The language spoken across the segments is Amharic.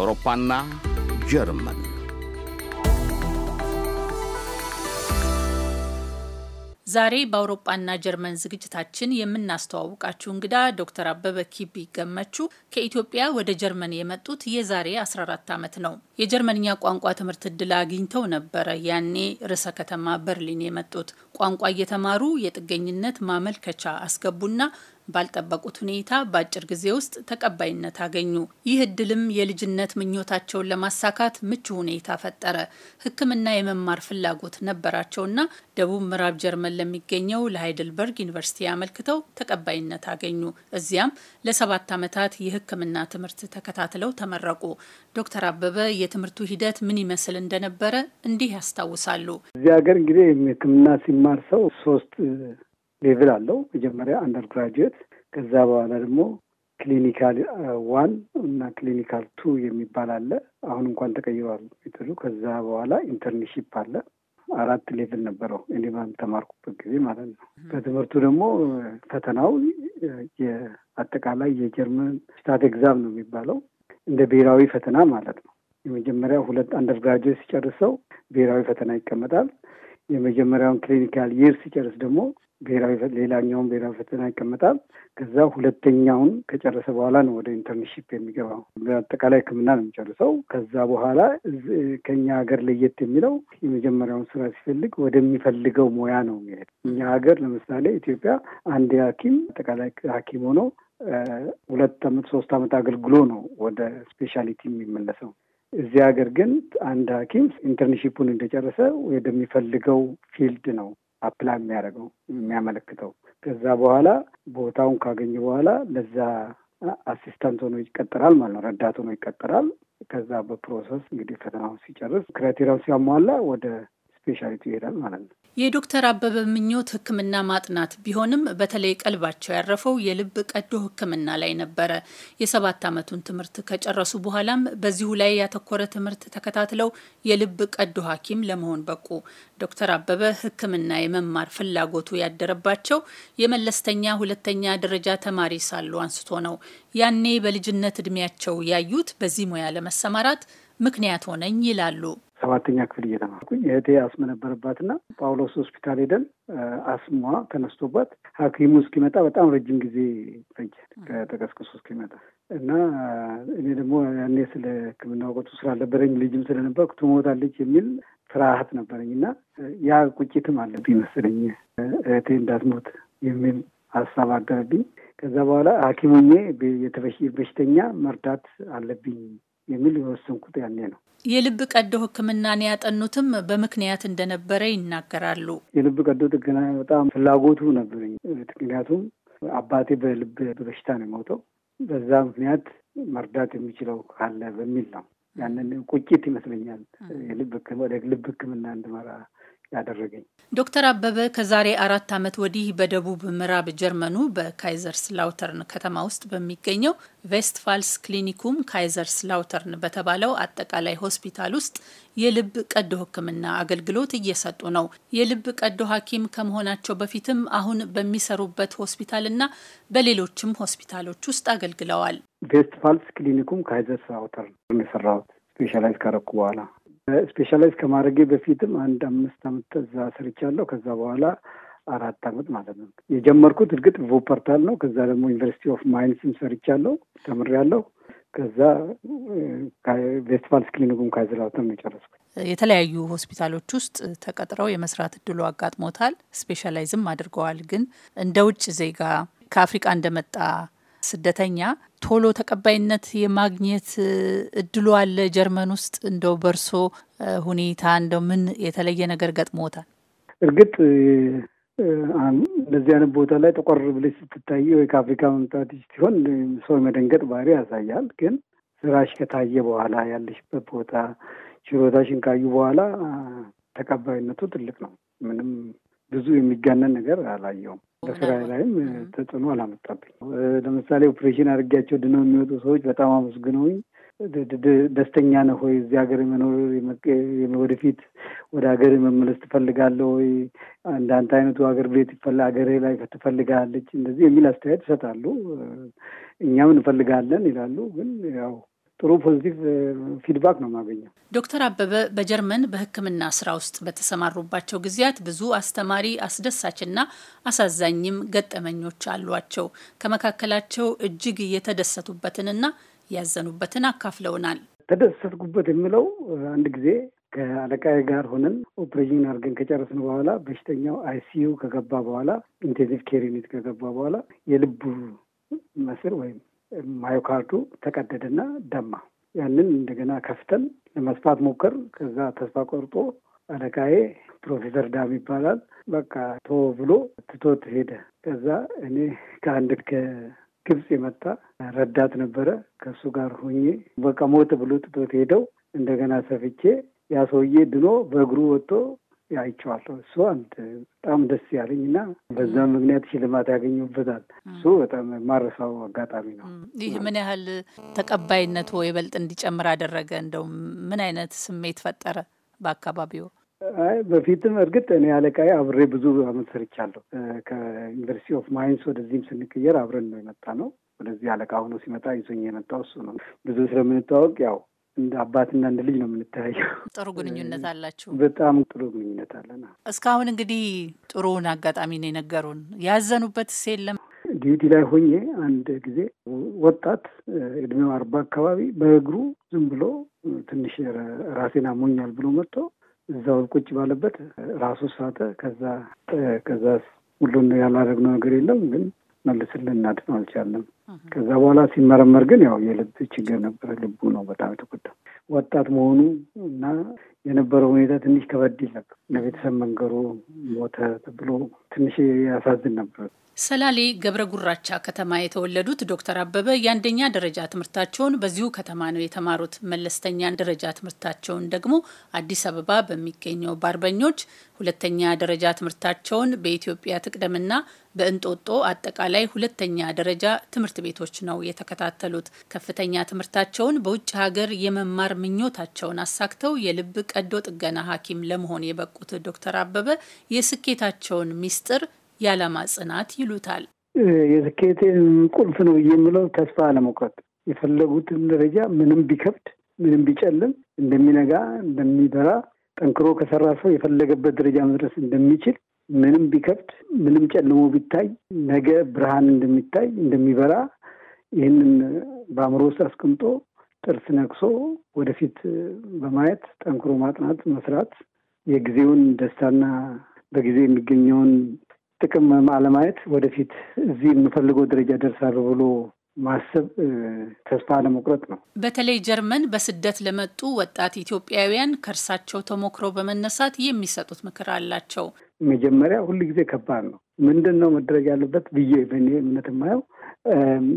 አውሮፓና ጀርመን ዛሬ በአውሮፓና ጀርመን ዝግጅታችን የምናስተዋውቃችሁ እንግዳ ዶክተር አበበ ኪቢ ገመቹ ከኢትዮጵያ ወደ ጀርመን የመጡት የዛሬ 14 ዓመት ነው። የጀርመንኛ ቋንቋ ትምህርት እድል አግኝተው ነበረ። ያኔ ርዕሰ ከተማ በርሊን የመጡት ቋንቋ እየተማሩ የጥገኝነት ማመልከቻ አስገቡና ባልጠበቁት ሁኔታ በአጭር ጊዜ ውስጥ ተቀባይነት አገኙ። ይህ እድልም የልጅነት ምኞታቸውን ለማሳካት ምቹ ሁኔታ ፈጠረ። ሕክምና የመማር ፍላጎት ነበራቸውና ደቡብ ምዕራብ ጀርመን ለሚገኘው ለሃይደልበርግ ዩኒቨርሲቲ አመልክተው ተቀባይነት አገኙ። እዚያም ለሰባት ዓመታት የሕክምና ትምህርት ተከታትለው ተመረቁ። ዶክተር አበበ የትምህርቱ ሂደት ምን ይመስል እንደነበረ እንዲህ ያስታውሳሉ። እዚህ ሀገር እንግዲህ ሕክምና ሲማር ሰው ሶስት ሌቭል አለው። መጀመሪያ አንደር ግራጁዌት፣ ከዛ በኋላ ደግሞ ክሊኒካል ዋን እና ክሊኒካል ቱ የሚባል አለ። አሁን እንኳን ተቀይሯል ሜቶዱ። ከዛ በኋላ ኢንተርንሺፕ አለ። አራት ሌቭል ነበረው እኔ ተማርኩበት ጊዜ ማለት ነው። በትምህርቱ ደግሞ ፈተናው የአጠቃላይ የጀርመን ስታት ኤግዛም ነው የሚባለው እንደ ብሔራዊ ፈተና ማለት ነው። የመጀመሪያ ሁለት አንደርግራጁዌት ሲጨርሰው ብሔራዊ ፈተና ይቀመጣል። የመጀመሪያውን ክሊኒካል ይር ሲጨርስ ደግሞ ብሔራዊ ሌላኛውን ብሔራዊ ፈተና ይቀመጣል። ከዛ ሁለተኛውን ከጨረሰ በኋላ ነው ወደ ኢንተርንሺፕ የሚገባው። በአጠቃላይ ሕክምና ነው የሚጨርሰው። ከዛ በኋላ ከኛ ሀገር ለየት የሚለው የመጀመሪያውን ስራ ሲፈልግ ወደሚፈልገው ሙያ ነው የሚሄድ። እኛ ሀገር ለምሳሌ ኢትዮጵያ አንድ ሐኪም አጠቃላይ ሐኪም ሆኖ ሁለት አመት ሶስት አመት አገልግሎ ነው ወደ ስፔሻሊቲ የሚመለሰው። እዚህ ሀገር ግን አንድ ሐኪም ኢንተርንሺፑን እንደጨረሰ ወደሚፈልገው ፊልድ ነው አፕላይ የሚያደርገው የሚያመለክተው። ከዛ በኋላ ቦታውን ካገኘ በኋላ ለዛ አሲስታንት ሆኖ ይቀጠራል ማለት ነው። ረዳት ሆኖ ይቀጠራል። ከዛ በፕሮሰስ እንግዲህ ፈተናውን ሲጨርስ ክራይቴሪያውን ሲያሟላ ወደ ስፔሻሊቲ ይሄዳል ማለት ነው። የዶክተር አበበ ምኞት ሕክምና ማጥናት ቢሆንም በተለይ ቀልባቸው ያረፈው የልብ ቀዶ ሕክምና ላይ ነበረ። የሰባት ዓመቱን ትምህርት ከጨረሱ በኋላም በዚሁ ላይ ያተኮረ ትምህርት ተከታትለው የልብ ቀዶ ሐኪም ለመሆን በቁ። ዶክተር አበበ ሕክምና የመማር ፍላጎቱ ያደረባቸው የመለስተኛ ሁለተኛ ደረጃ ተማሪ ሳሉ አንስቶ ነው። ያኔ በልጅነት እድሜያቸው ያዩት በዚህ ሙያ ለመሰማራት ምክንያት ሆነኝ ይላሉ። ሰባተኛ ክፍል እየተማርኩኝ እህቴ አስም ነበረባትና ጳውሎስ ሆስፒታል ሄደን አስሟ ተነስቶባት ሐኪሙ እስኪመጣ በጣም ረጅም ጊዜ ፈጀ ከተቀስቅሶ እስኪመጣ እና እኔ ደግሞ ያኔ ስለ ሕክምና እውቀቱ ስላልነበረኝ ልጅም ስለነበርኩ ትሞታለች የሚል ፍርሃት ነበረኝ እና ያ ቁጭትም አለብኝ መሰለኝ እህቴ እንዳትሞት የሚል ሀሳብ አደረብኝ። ከዛ በኋላ ሐኪሙኜ በሽተኛ መርዳት አለብኝ የሚል የወሰንኩት ያኔ ነው። የልብ ቀዶ ሕክምናን ያጠኑትም በምክንያት እንደነበረ ይናገራሉ። የልብ ቀዶ ጥገና በጣም ፍላጎቱ ነበረኝ። ምክንያቱም አባቴ በልብ በሽታ ነው የሞተው። በዛ ምክንያት መርዳት የሚችለው ካለ በሚል ነው። ያንን ቁጭት ይመስለኛል የልብ ወደ ልብ ሕክምና እንድመራ ያደረገኝ። ዶክተር አበበ ከዛሬ አራት ዓመት ወዲህ በደቡብ ምዕራብ ጀርመኑ በካይዘርስ ላውተርን ከተማ ውስጥ በሚገኘው ቬስትፋልስ ክሊኒኩም ካይዘርስ ላውተርን በተባለው አጠቃላይ ሆስፒታል ውስጥ የልብ ቀዶ ሕክምና አገልግሎት እየሰጡ ነው። የልብ ቀዶ ሐኪም ከመሆናቸው በፊትም አሁን በሚሰሩበት ሆስፒታልና በሌሎችም ሆስፒታሎች ውስጥ አገልግለዋል። ቬስትፋልስ ክሊኒኩም ካይዘርስ ላውተርን የሰራሁት ስፔሻላይዝ ካረኩ በኋላ ስፔሻላይዝ ከማድረጌ በፊትም አንድ አምስት አመት እዛ ሰርቻለሁ። ከዛ በኋላ አራት አመት ማለት ነው የጀመርኩት። እርግጥ ቮፐርታል ነው። ከዛ ደግሞ ዩኒቨርሲቲ ኦፍ ማይንስም ሰርቻለሁ፣ ተምሬያለሁ። ከዛ ቬስትፋልስ ክሊኒኩም ካይዘርላውተር ነው የጨረስኩት። የተለያዩ ሆስፒታሎች ውስጥ ተቀጥረው የመስራት እድሉ አጋጥሞታል። ስፔሻላይዝም አድርገዋል። ግን እንደ ውጭ ዜጋ ከአፍሪቃ እንደመጣ ስደተኛ ቶሎ ተቀባይነት የማግኘት እድሉ አለ ጀርመን ውስጥ? እንደው በርሶ ሁኔታ እንደው ምን የተለየ ነገር ገጥሞታል? እርግጥ እንደዚህ አይነት ቦታ ላይ ጠቆር ብለሽ ስትታይ ወይ ከአፍሪካ መምጣት ሲሆን ሰው የመደንገጥ ባህሪ ያሳያል። ግን ስራሽ ከታየ በኋላ ያለሽበት ቦታ ችሎታሽን ካዩ በኋላ ተቀባይነቱ ትልቅ ነው። ምንም ብዙ የሚጋነን ነገር አላየውም። በስራ ላይም ተጽዕኖ አላመጣብኝ። ለምሳሌ ኦፕሬሽን አድርጊያቸው ድነው የሚወጡ ሰዎች በጣም አመስግነውኝ ደስተኛ ነህ ወይ? እዚህ ሀገር የመኖር ወደፊት ወደ ሀገር መመለስ ትፈልጋለህ ወይ? እንዳንተ አይነቱ ሀገር ቤት ሀገር ላይ ትፈልጋለች እንደዚህ የሚል አስተያየት ይሰጣሉ። እኛም እንፈልጋለን ይላሉ። ግን ያው ጥሩ ፖዚቲቭ ፊድባክ ነው የማገኘው። ዶክተር አበበ በጀርመን በሕክምና ስራ ውስጥ በተሰማሩባቸው ጊዜያት ብዙ አስተማሪ፣ አስደሳችና አሳዛኝም ገጠመኞች አሏቸው። ከመካከላቸው እጅግ የተደሰቱበትንና ያዘኑበትን አካፍለውናል። ተደሰትኩበት የምለው አንድ ጊዜ ከአለቃዬ ጋር ሆነን ኦፕሬሽን አድርገን ከጨረስን በኋላ በሽተኛው አይሲዩ ከገባ በኋላ ኢንቴንሲቭ ኬር ዩኒት ከገባ በኋላ የልቡ መስር ወይም ማዮካርዱ ተቀደደና ደማ። ያንን እንደገና ከፍተን ለመስፋት ሞከር። ከዛ ተስፋ ቆርጦ አለቃዬ ፕሮፌሰር ዳም ይባላል፣ በቃ ቶ ብሎ ትቶት ሄደ። ከዛ እኔ ከአንድ ከግብፅ የመጣ ረዳት ነበረ፣ ከእሱ ጋር ሆኜ በቃ ሞት ብሎ ትቶት ሄደው እንደገና ሰፍቼ ያ ሰውዬ ድኖ በእግሩ ወጥቶ አይቼዋለሁ። እሱ አንድ በጣም ደስ ያለኝ እና በዛም ምክንያት ሽልማት ያገኙበታል። እሱ በጣም ማረሳው አጋጣሚ ነው። ይህ ምን ያህል ተቀባይነቱ ይበልጥ እንዲጨምር አደረገ? እንደው ምን አይነት ስሜት ፈጠረ በአካባቢው? አይ በፊትም እርግጥ እኔ አለቃዬ አብሬ ብዙ አመት ሰርቻለሁ። ከዩኒቨርሲቲ ኦፍ ማይንስ ወደዚህም ስንቀየር አብረን ነው የመጣ ነው። ወደዚህ አለቃ ሆኖ ሲመጣ ይዞኝ የመጣው እሱ ነው። ብዙ ስለምንታወቅ ያው እንደ አባትና እንደ ልጅ ነው የምንተያየው። ጥሩ ግንኙነት አላችሁ? በጣም ጥሩ ግንኙነት አለን። እስካሁን እንግዲህ ጥሩውን አጋጣሚ ነው የነገሩን። ያዘኑበትስ የለም? ዲዩቲ ላይ ሆኜ አንድ ጊዜ ወጣት እድሜው አርባ አካባቢ በእግሩ ዝም ብሎ ትንሽ ራሴን አሞኛል ብሎ መጥቶ እዛው ቁጭ ባለበት ራሱ ሳተ። ከዛ ከዛ ሁሉን ያላደረግነው ነገር የለም ግን መልስልን እናድን አልቻለም። ከዛ በኋላ ሲመረመር ግን ያው የልብ ችግር ነበረ። ልቡ ነው በጣም የተጎዳው። ወጣት መሆኑ እና የነበረው ሁኔታ ትንሽ ከበድ ይል ነበር። ለቤተሰብ መንገሩ ሞተ ብሎ ትንሽ ያሳዝን ነበር። ሰላሌ ገብረ ጉራቻ ከተማ የተወለዱት ዶክተር አበበ የአንደኛ ደረጃ ትምህርታቸውን በዚሁ ከተማ ነው የተማሩት። መለስተኛ ደረጃ ትምህርታቸውን ደግሞ አዲስ አበባ በሚገኘው በአርበኞች፣ ሁለተኛ ደረጃ ትምህርታቸውን በኢትዮጵያ ትቅደምና በእንጦጦ አጠቃላይ ሁለተኛ ደረጃ ትምህርት ቤቶች ነው የተከታተሉት። ከፍተኛ ትምህርታቸውን በውጭ ሀገር የመማር ምኞታቸውን አሳክተው የልብ ቀዶ ጥገና ሐኪም ለመሆን የበቁት ዶክተር አበበ የስኬታቸውን ሚስጥር የዓላማ ጽናት ይሉታል። የስኬቴን ቁልፍ ነው የምለው ተስፋ አለመቁረጥ፣ የፈለጉትን ደረጃ ምንም ቢከብድ ምንም ቢጨልም እንደሚነጋ እንደሚበራ ጠንክሮ ከሰራ ሰው የፈለገበት ደረጃ መድረስ እንደሚችል ምንም ቢከብድ ምንም ጨልሞ ቢታይ ነገ ብርሃን እንደሚታይ እንደሚበራ ይህንን በአእምሮ ውስጥ አስቀምጦ ጥርስ ነክሶ ወደፊት በማየት ጠንክሮ ማጥናት መስራት፣ የጊዜውን ደስታና በጊዜ የሚገኘውን ጥቅም አለማየት ወደፊት እዚህ የምፈልገው ደረጃ ደርሳለሁ ብሎ ማሰብ ተስፋ ለመቁረጥ ነው። በተለይ ጀርመን በስደት ለመጡ ወጣት ኢትዮጵያውያን ከእርሳቸው ተሞክሮ በመነሳት የሚሰጡት ምክር አላቸው። መጀመሪያ ሁል ጊዜ ከባድ ነው። ምንድን ነው መደረግ ያለበት ብዬ በእኔ እምነት የማየው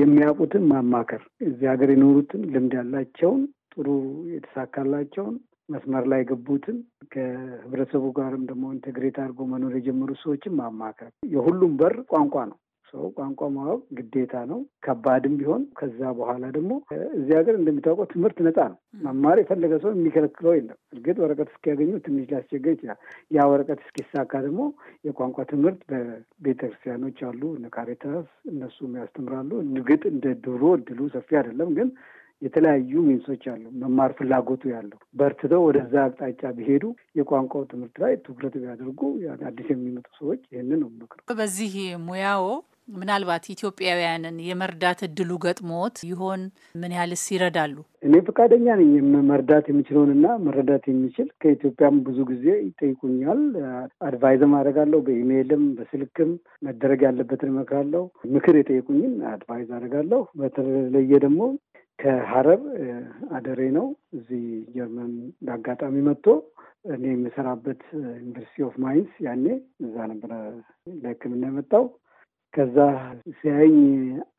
የሚያውቁትን ማማከር፣ እዚህ ሀገር የኖሩትን ልምድ ያላቸውን ጥሩ የተሳካላቸውን መስመር ላይ የገቡትን ከህብረተሰቡ ጋርም ደግሞ ኢንቴግሬት አድርጎ መኖር የጀመሩ ሰዎችን ማማከር። የሁሉም በር ቋንቋ ነው። ሰው ቋንቋ ማወቅ ግዴታ ነው፣ ከባድም ቢሆን። ከዛ በኋላ ደግሞ እዚህ ሀገር እንደሚታወቀው ትምህርት ነፃ ነው። መማር የፈለገ ሰው የሚከለክለው የለም። እርግጥ ወረቀት እስኪያገኙ ትንሽ ሊያስቸግር ይችላል። ያ ወረቀት እስኪሳካ ደግሞ የቋንቋ ትምህርት በቤተክርስቲያኖች አሉ፣ እነ ካሬታስ እነሱ ያስተምራሉ። ንግጥ እንደ ድሮ እድሉ ሰፊ አይደለም ግን የተለያዩ ሚንሶች አሉ። መማር ፍላጎቱ ያለው በርትተው ወደዛ አቅጣጫ ቢሄዱ የቋንቋው ትምህርት ላይ ትኩረት ቢያደርጉ አዲስ የሚመጡ ሰዎች ይህንን ነው ምክር በዚህ ሙያው ምናልባት ኢትዮጵያውያንን የመርዳት እድሉ ገጥሞት ይሆን? ምን ያህልስ ይረዳሉ? እኔ ፈቃደኛ ነኝ መርዳት የሚችለውንና መረዳት የሚችል ከኢትዮጵያም ብዙ ጊዜ ይጠይቁኛል። አድቫይዝም አደርጋለሁ። በኢሜይልም በስልክም መደረግ ያለበትን እመክራለሁ። ምክር የጠየቁኝን አድቫይዝ አደርጋለሁ። በተለየ ደግሞ ከሀረር አደሬ ነው። እዚህ ጀርመን በአጋጣሚ መጥቶ እኔ የምሰራበት ዩኒቨርሲቲ ኦፍ ማይንስ ያኔ እዛ ነበረ ለሕክምና የመጣው ከዛ ሲያየኝ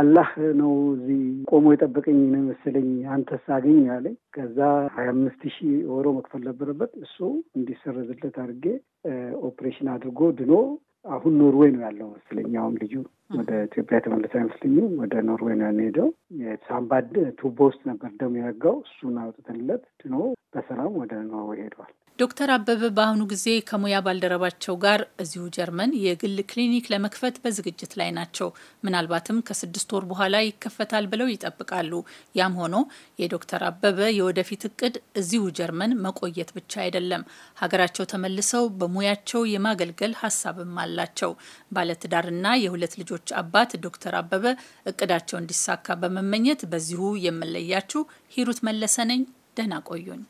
አላህ ነው እዚህ ቆሞ የጠበቀኝ ነው መሰለኝ፣ አንተ ሳገኝ አለኝ። ከዛ ሀያ አምስት ሺህ ወሮ መክፈል ነበረበት እሱ እንዲሰረዝለት አድርጌ ኦፕሬሽን አድርጎ ድኖ አሁን ኖርዌይ ነው ያለው መሰለኝ። አሁን ልጁ ወደ ኢትዮጵያ የተመለሰ አይመስለኝም። ወደ ኖርዌይ ነው ሄደው። ሳምባ ቱቦ ውስጥ ነበር ደሞ ያጋው እሱን አውጥተንለት ድኖ በሰላም ወደ ኖርዌይ ሄደዋል። ዶክተር አበበ በአሁኑ ጊዜ ከሙያ ባልደረባቸው ጋር እዚሁ ጀርመን የግል ክሊኒክ ለመክፈት በዝግጅት ላይ ናቸው። ምናልባትም ከስድስት ወር በኋላ ይከፈታል ብለው ይጠብቃሉ። ያም ሆኖ የዶክተር አበበ የወደፊት እቅድ እዚሁ ጀርመን መቆየት ብቻ አይደለም። ሀገራቸው ተመልሰው በሙያቸው የማገልገል ሀሳብም አላቸው። ባለትዳርና የሁለት ልጆች አባት ዶክተር አበበ እቅዳቸው እንዲሳካ በመመኘት በዚሁ የምለያችሁ ሂሩት መለሰ ነኝ። ደህና ቆዩኝ።